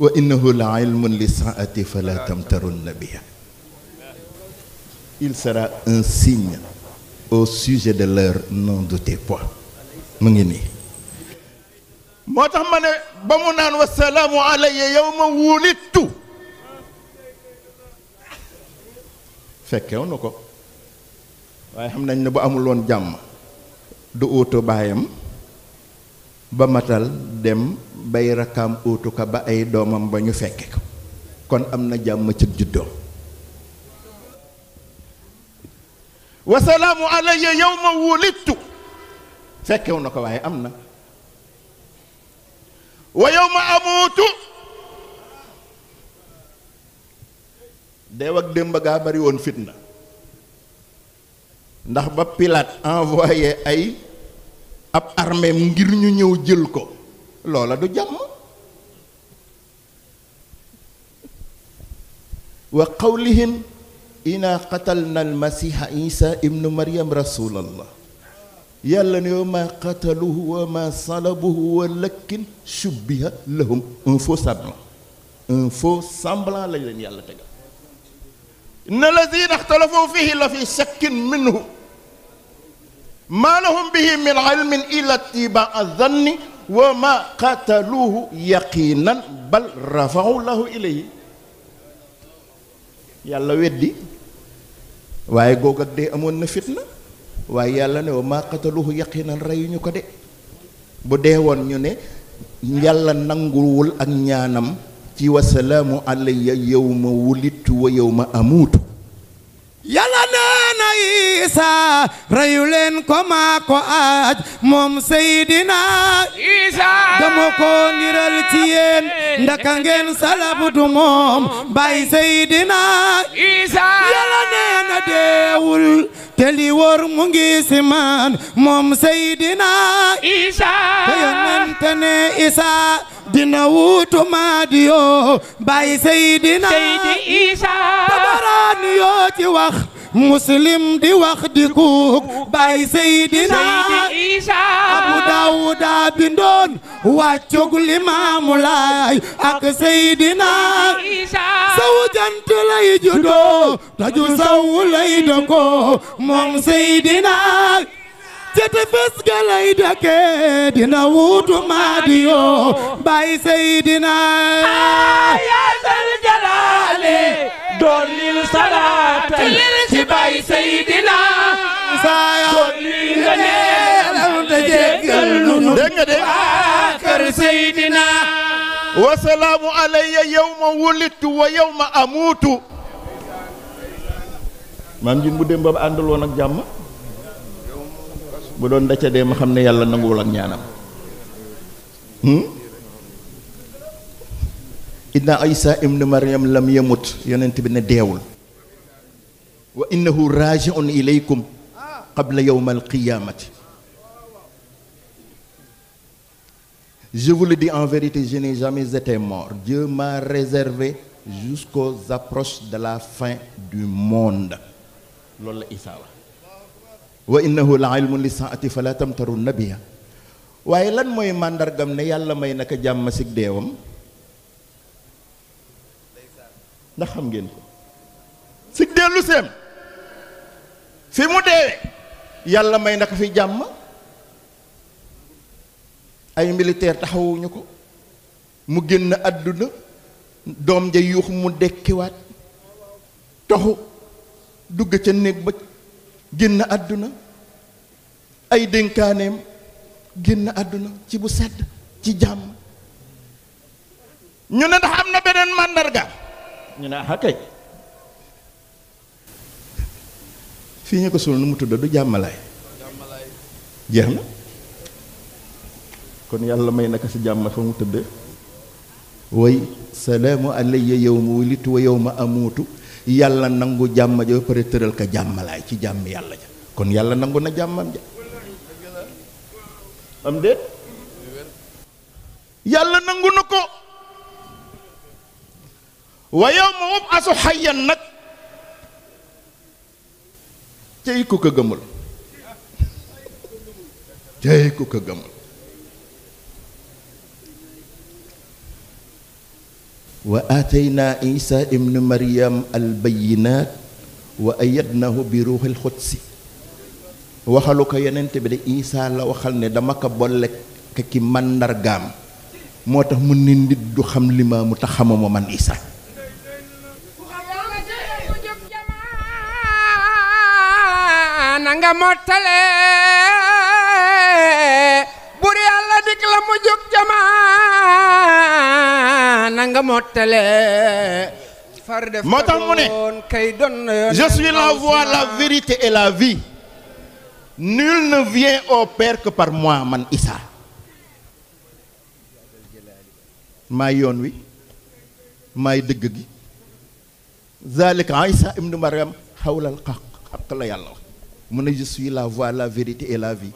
وإنه لعلم للساعة فلا تمترن بها Il sera un signe au sujet de leur nom de tes poids. ngi nii moo tax ma ne ba mu naan wasalaamu alayya yow ma wulittu fekkew na ko ne bu amul woon jàmm du uutu baayam ba matal dem bay rakkaam uutu ka ba ay doomam ba ñu fekke ko kon am na jàmm ci juddoo wasalaamu alayya yawma wulidtu fekkewu na ko waaye am na wa yawma amuutu deew ak démb gaa bari woon fitna ndax ba pilaat envoyé ay ab armeem ngir ñu ñëw jël ko loola du jàmm wa qawlihim ina qatalna almasiha isa ibnu maryam rasulallah yàlla ne wa ma qataluhu wa ma salabuhu wa lakin shubbiha lahum un faux semblant un faux semblant lañ leen yàlla tegal na lazina ixtalafu fihi la fi shakkin minhu ما لهم به من علم إلا اتباع الظن وما قتلوه يقينا بل رفعوا الله إليه يلا ودي واي غوغا دي امون فتنه واي يالا نيو ما قتلوه يقينا ري نيوكو دي بو دي وون ني ني يالا نانغول اك نيانام تي وسلام علي يوم ولدت ويوم اموت يالا ن Isa rayu ko maa aaj moom Seydina Isa ko niral ci yéen ndaka ngeen salabu moom bay Seydina Isa yàlla nee na deewul te li mu ngi si moom Seydina Isa te yonente ne Isa dina wuutu maadi yoo Seydina Isa tabaraani yoo ci wax muslim di wax di kuuk bay seydina isa abu daawuda bindoon wàccug limaamu laay ak seydina saw jant lay juddoo taju saw lay dëkkoo moom seydina te tefes ga lay dëkke dina wuutu maadiyoo bay seydina ya zal jalaale doon lil salaata baay Seydina وسلام علي يوم ولدت ويوم اموت maam jin bu dem ba àndul woon ak jàmm bu doon daca dee ma xam ne yàlla nanguwul ak ñaanam hmm? idna isa ibn maryam lam yamut yonent bi ne deewul وإنه راجع إليكم قبل يوم القيامة Je vous le dis en vérité, je n'ai jamais été mort. Dieu m'a réservé jusqu'aux approches de la fin du monde. loolu la Isaa wax wa innahu la ilmun li saati fala tamtaru nabiya waaye lan mooy màndargam ne yàlla may naka jàmm si deewam ndax xam ngeen ko si dellu seem fi mu deewee yàlla may naka fi jàmm ay militaire taxawuñu ko mu génn àdduna doom ja yuux mu dekkiwaat toxu dugg ca néeg ba génn àdduna ay dénkaaneem génn àdduna ci bu sedd ci jàmm ñu ne ndax am na beneen màndarga ñu ne ah fii ñu ko suul nu mu tudd du jàmmalaay jeex na kon yàlla may naka si jàmm fa mu tëdd way salaamu alayya yawma wulidtu wa yawma amuutu yàlla nangu jàmm ja ba pare tëral ka jàmmalaay ci jàmm yàlla ja kon yàlla nangu na jàmmam ja yàlla nangu na ko wa yawma ub'asu hayyan nag tey ku ko gëmul tey ku ko gëmul wa aatayna isa ibnu maryam albayinat wa ayadnahu bi ruuxil xudsi waxalu ko yenent bi de isa la waxal ne dama ko bolle ki mandargaam moo tax mu ne nit du xam li ma mu tax xamuma man isa nanga motale bur yalla dikla mu jóg jama nanga motale moo je suis la voie la vérité et la vie nul ne vient au Père que par moi man Issa m'a yoon wi maay zalika aïssa ibn Maryam xawlal mon Dieu, je suis la voie la vérité et la vie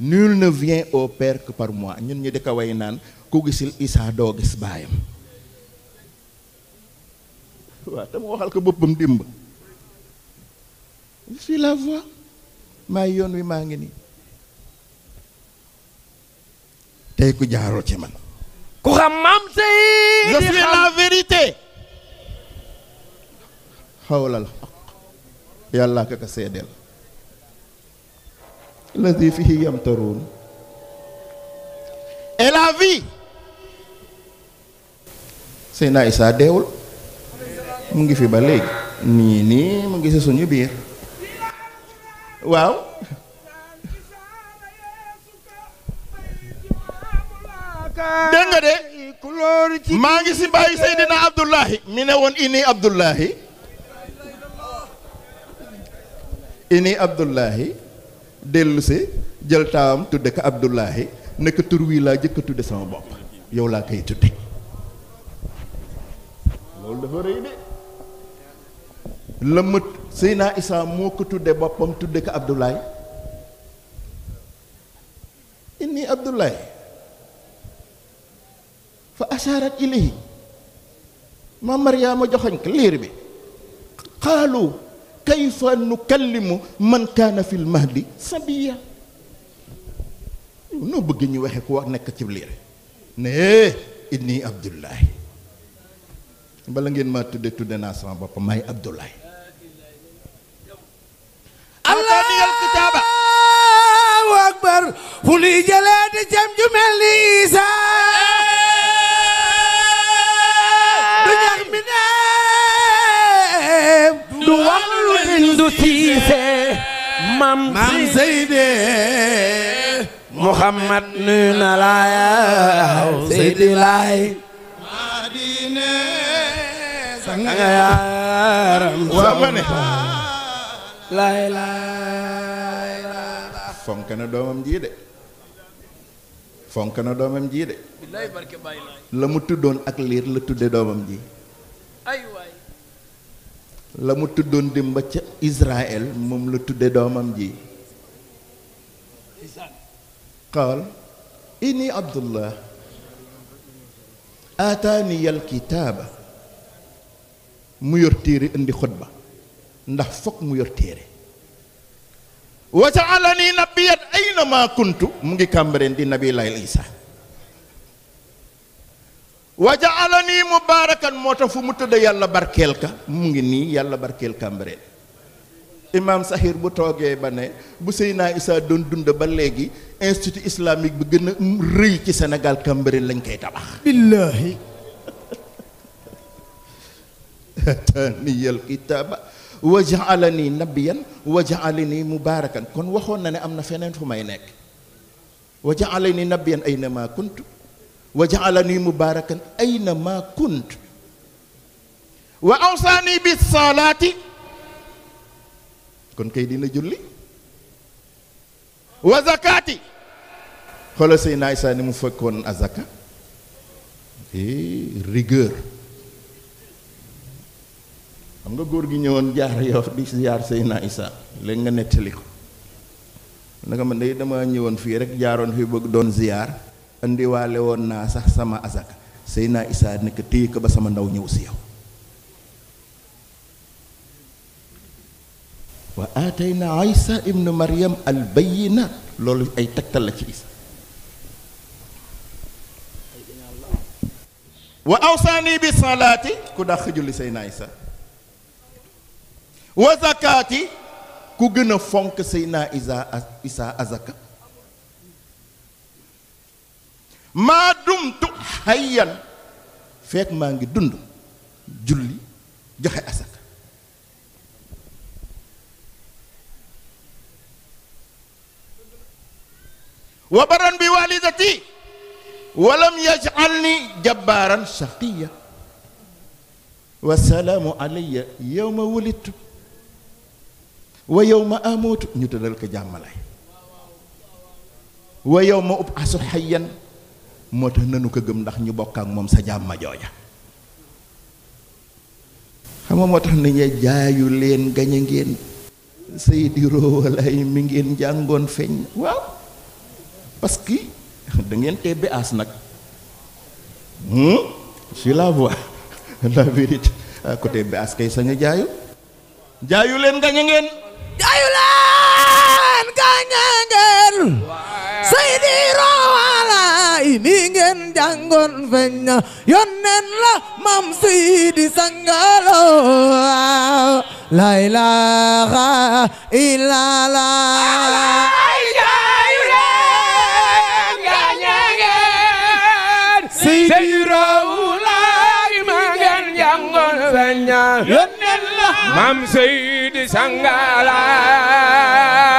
nul ne vient au Père que par moi ñun ñu di ko way naan ku gisul Isaa doo gis baayam waaw te mu waxal ko je suis la voie maa yoon wi maa ngi nii tey man je suis la vérité xawla yalla ka ko seedeel lazi fihi yamtaruun et la vie Seydina isa deul mu ngi fi ba leg ni ni mu ngi si suñu biir waaw dégg nga de ngi si bàyyi sayyidina Abdullahi mi ne woon Abdullahi ini Abdullahi dellu si jël taawam tudde ko Abdullahi nekk tur wii laa jëkk a tudde sama bopp yow laa koy tudde loolu dafa rëy de la mët Seydina Isaa moo ko tudde boppam tudde ko Abdullahi inni Abdullahi fa asharat ilayhi ma Maryaama joxoñ ko liir bi xaalu kayfa nukallimu man kana fil mahdi sabiya ñu bëgg ñu waxe ko nek ci liré né inni abdullah bala ngeen ma tuddé tuddé na sama bop may abdullah allah diyal kitaba wa akbar fu li jele di Amdu Siise mam mam Seydi Muhammad nuyu na la yaw Seydi laay Madine sanga yaaram waa ma ne laay laay fonk na doomam jii de fonk na doomam jii de la mu tuddoon ak liir la tudde doomam ji lamu tudon tuddoon démb ca Israël mom la tudde domam ji qal ini abdullah al kitab mu yor téere indi khutba ndax fokk mu yor téere wa jaalani nabiyat ma kuntu mu ngi kàmbareen di nabi lay isa wajaalani mubaarakan moo tax fu mu tëdd yàlla barkeel ka mu ngi nii yàlla barkeel Cambérène imaam saxiir bu toogee ba ne bu Seydina Issa doon dund ba léegi institut islamique bi gën a rëy ci senegal Cambérène lañ koy tabax billaahi ataniyal kitaaba wajaalani nabiyan wajaalani mubaarakan kon waxoon na ne am na feneen fu may nekk wajaalani nabiyan ay na maa wa ja'alani mubaarakan ayna ma kunt wa awsaani bis salaati kon kay dina julli wa zakaati xoolal say naay saa ni mu fekkoon azaka rigueur xam nga góor gi ñëwoon jaar yow di ziar Seyna Isa léegi nga nettali ko naka man day dama ñëwoon fii rek jaaroon fii bëgg doon ziar andi walé won na sax sama azak sayna isa nek nekk téye ko ba sama ndaw ñëw ci yow wa atayna isa ibnu maryam al bayyina loolu ay tegtal la ci isa wa awsani bi salati ku da julli sayna isa wa zakati ku gëna fonk sayna isa isa azaka maa dumtu hayyan fekk maa ngi dund julli joxe asaka wa baran bi walidati walam yaj'alni jabbaaran shaqiya wa salaamu alayya yawma wulidtu wa yawma amuutu ñu tëddal ko jàmmalaay wa yawma ub'asu hayyan motax nañu ko gëm ndax ñu bokk ak mom sa jàmma jooja xam nga motax ni ñe jaayu leen gañe ngeen sëy ro roowalay mi ngeen jangon feñ waaw parce que da ngeen tebbe as nak hmm? sur la voix la vérité à côté bi as kay nga jaayu jaayu leen gañe ngeen jaayu leen gañe ngeen sëy ro roowal ai ni nghen jang gon ven yon nen la mam si di sangalo la ilaha illallah Mam Sidi Sangala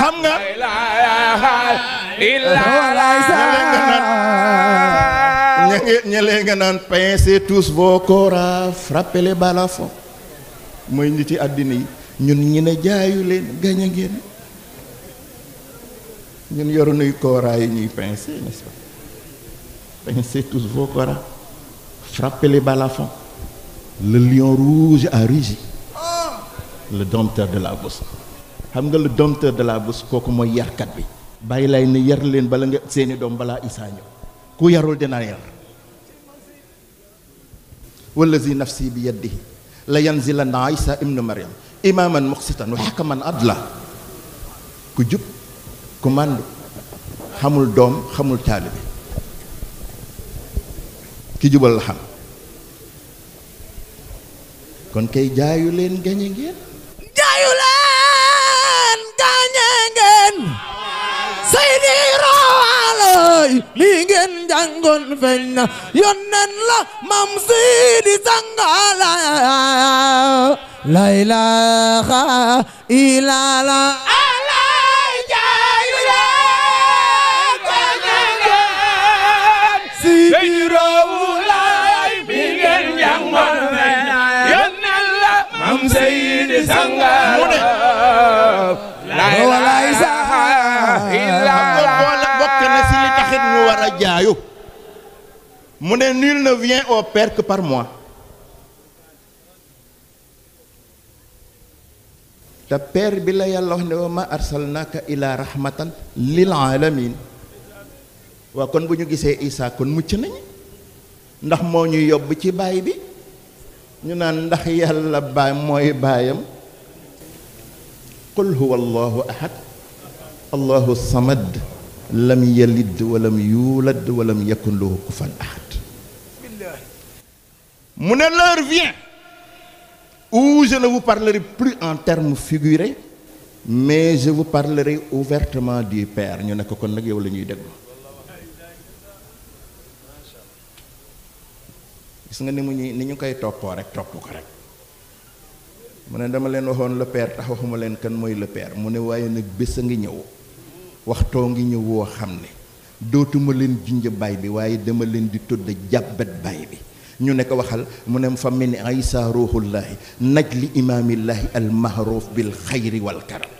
Ham nga La ilaha illallah ñëlee nga pincez tous vos cora frappez les balles à fond mooy niti yi àddina yi ñun ñi ne jaayu leen gañ a ngeen ñun yoru nuy cora yi ñuy pincé n'est-ce pas pincez tous vos cora frappez les balles fond le lion rouge a rugi le dompteur de la bourse xam nga le dompteur de la bourse kooku mooy yarkat bi bàyyi lay ne yar leen bala nga seeni doom balaa isaa ku yarul dina yar والذي نفسي بيده لينزلن عيسى ابن مريم اماما مقسطا وحكما عدلا كجب كماندو حمل دوم حمل تالب كجب الحم كون كي جايو لين جايو لين mbay mi ngeen jàngoon feeñ na yonnen la mam siidi sangala la ilaha illa la sanga Mune nul ne vient au Père que par moi Ta Père bi la ne arsalnaka ila rahmatan lil alamin Wa kon buñu gisé Isa kon mucc nañ. ndax mo ñu yobbu ci baay bi ñu naan ndax yalla bay moy bayam. qul huwa allahu ahad allahu samad lam yalid yulad wa lam yakul lahu kufuwan ahad mu ne l'heure vient où je ne vous parlerai plus en termes figurés mais je vous parlerai ouvertement du Père ñu ne ko kon nag yow la ñuy déglu gis nga ni mu ni ñu koy toppoo rek topp rek mu ne dama leen waxoon le Père tax waxuma leen kan mooy le Père mu ne waaye nag bés a ngi ñëw waxtoo ngi ñëw woo xam ne dootuma leen junj baay bi waye dama leen di tudd jàbbet bay bi ñu ne ko waxal mu ne fa min isa ruhullahi naj li almahruf bil khair wal karam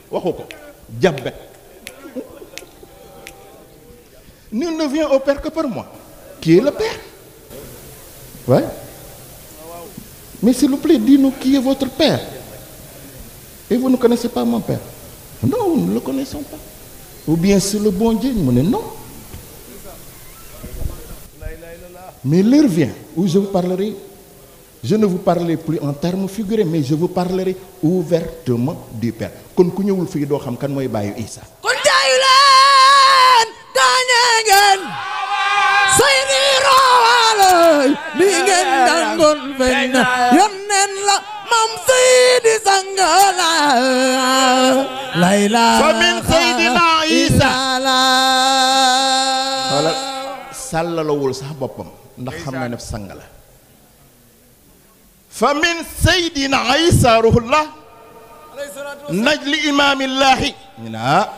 ne vient au père que par moi qui est le père ouais mais s'il vous plaît dis-nous qui est votre père et vous ne connaissez pas mon père non nous ne le connaissons pas ou bien c'est le bon Dieu non Mais l'heure vient où je vous parlerai, je ne vous parlerai plus en termes figurés, mais je vous parlerai ouvertement du Père. kon ku ñëwul fii doo xam kan moy Bayu Isa. kon taayu lan daanee ngeen. say nii roowaale li ngeen dangoon feeñ na la moom Seydi sang la layla fa min Seydina Isa la sàllalawul sax bopam ndax xam na ne sang la fa min sayidina isa ruhullah najli imaamillahi ñu ne ah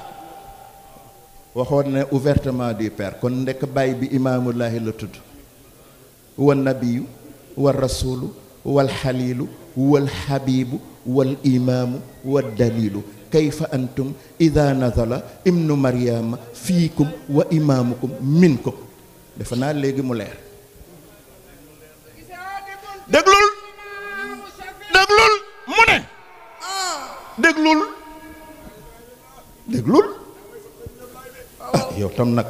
ne ouvertement du père kon ndekk bay bi imaamullahi la tud wa nabiyu wa rasulu wa xaliilu wal xabiibu wal imam wa daliilu kayfa antum ida nazala ibnu maryama fiikum wa imaamukum minkum defe naa léegi mu leer déglul déglul mu ne déglul déglul ah yow tam nag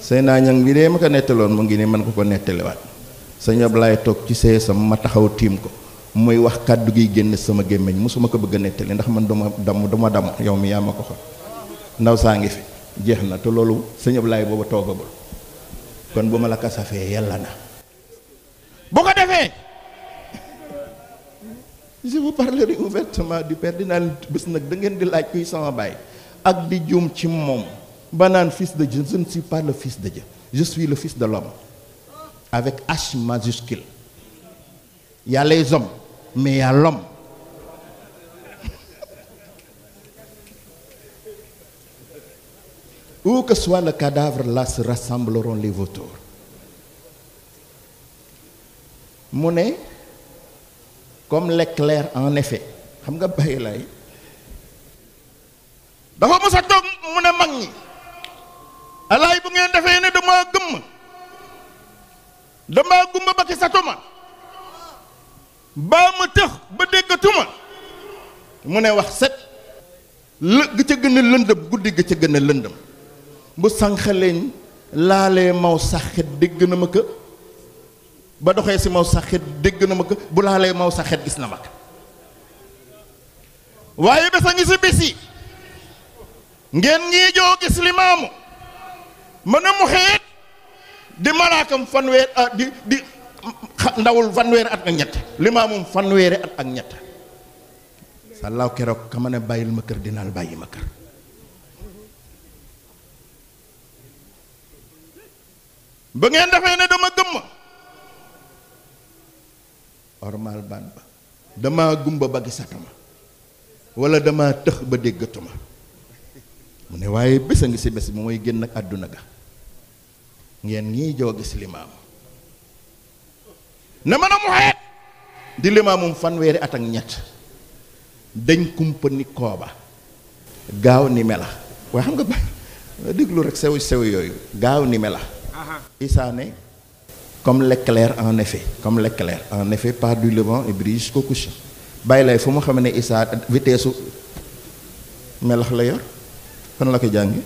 sëy naa ñang bi dee ma ko nettaloon mu ngi ni man ko ko nettaliwaat sëñ laay toog ci seesam ma taxaw tiim ko muy wax kàddu gi génn sama gémmiñ mosuma ko bëgg a nettali ndax man duma damm duma damm yow mi yaa ma ko xool ndaw saa ngi fi jeex na te loolu sëñ Ablaye booba toogagul kon bu ma la kasafee yàlla na bu ko defee je vous parlerai ouvertement du père dinaa bés nag da ngeen di laaj kuy sama baay ak di juum ci moom ba naan fils de Dieu je ne suis pas le fils de Dieu je suis le fils de l'homme avec H majuscule y a les hommes mais y a l'homme Où que soit le cadavre, là se rassembleront les vautours. Monnaie, comme l'éclair en effet. xam nga bàyyi lay dafa mos a toog mu ne mag ñi alaay bu ngeen defee ne dama gëmm dama gumba ba ki satuma baa ma tëx ba déggatuma mu ne wax set lë ga ca gën a lëndëm guddi ga bu sànqaleñ laalee maw saxet dégg na ma kë ba doxee si maw saxet dégg na ma ko bu laalee maw saxet gis na ma ko waaye bés a ngi si bis yi ngeen ñii joo gis limaamu mën a mu xeet di malaakam fanweer ah, di di ndawul fanweeri at ak ñett limaamum fanweeri at ak ñett sàllaaw keroog ka ma ne bàyyil ma kër dinaa bàyyi ma kër ba ngeen defee ne dama gëmm ormal ban ba dama gumba ba satuma wala dama tëx ba déggatuma mu ne waaye bés a ngi si bés bi mooy génn ak àdduna ga ngeen ñii joo gis limaam na mën mu xeet di limaamum fanweeri at ak ñett dañ kumpa ni kooba gaaw ni mela waaye xam nga ba déglu rek sew sew yooyu gaaw ni mela Isaané, comme l'éclair en effet, comme l'éclair en effet part du levant et brille jusqu'au couchant. bàyyi lay fu mu xam ne Isaa vitesse su melax la yor fan la ko jàngi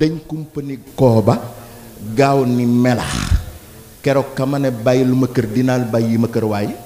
dañ kumpani kooba gaaw ni melax keroog ka ma ne bàyyi lu ma kër dinaal bàyyi ma kër waaye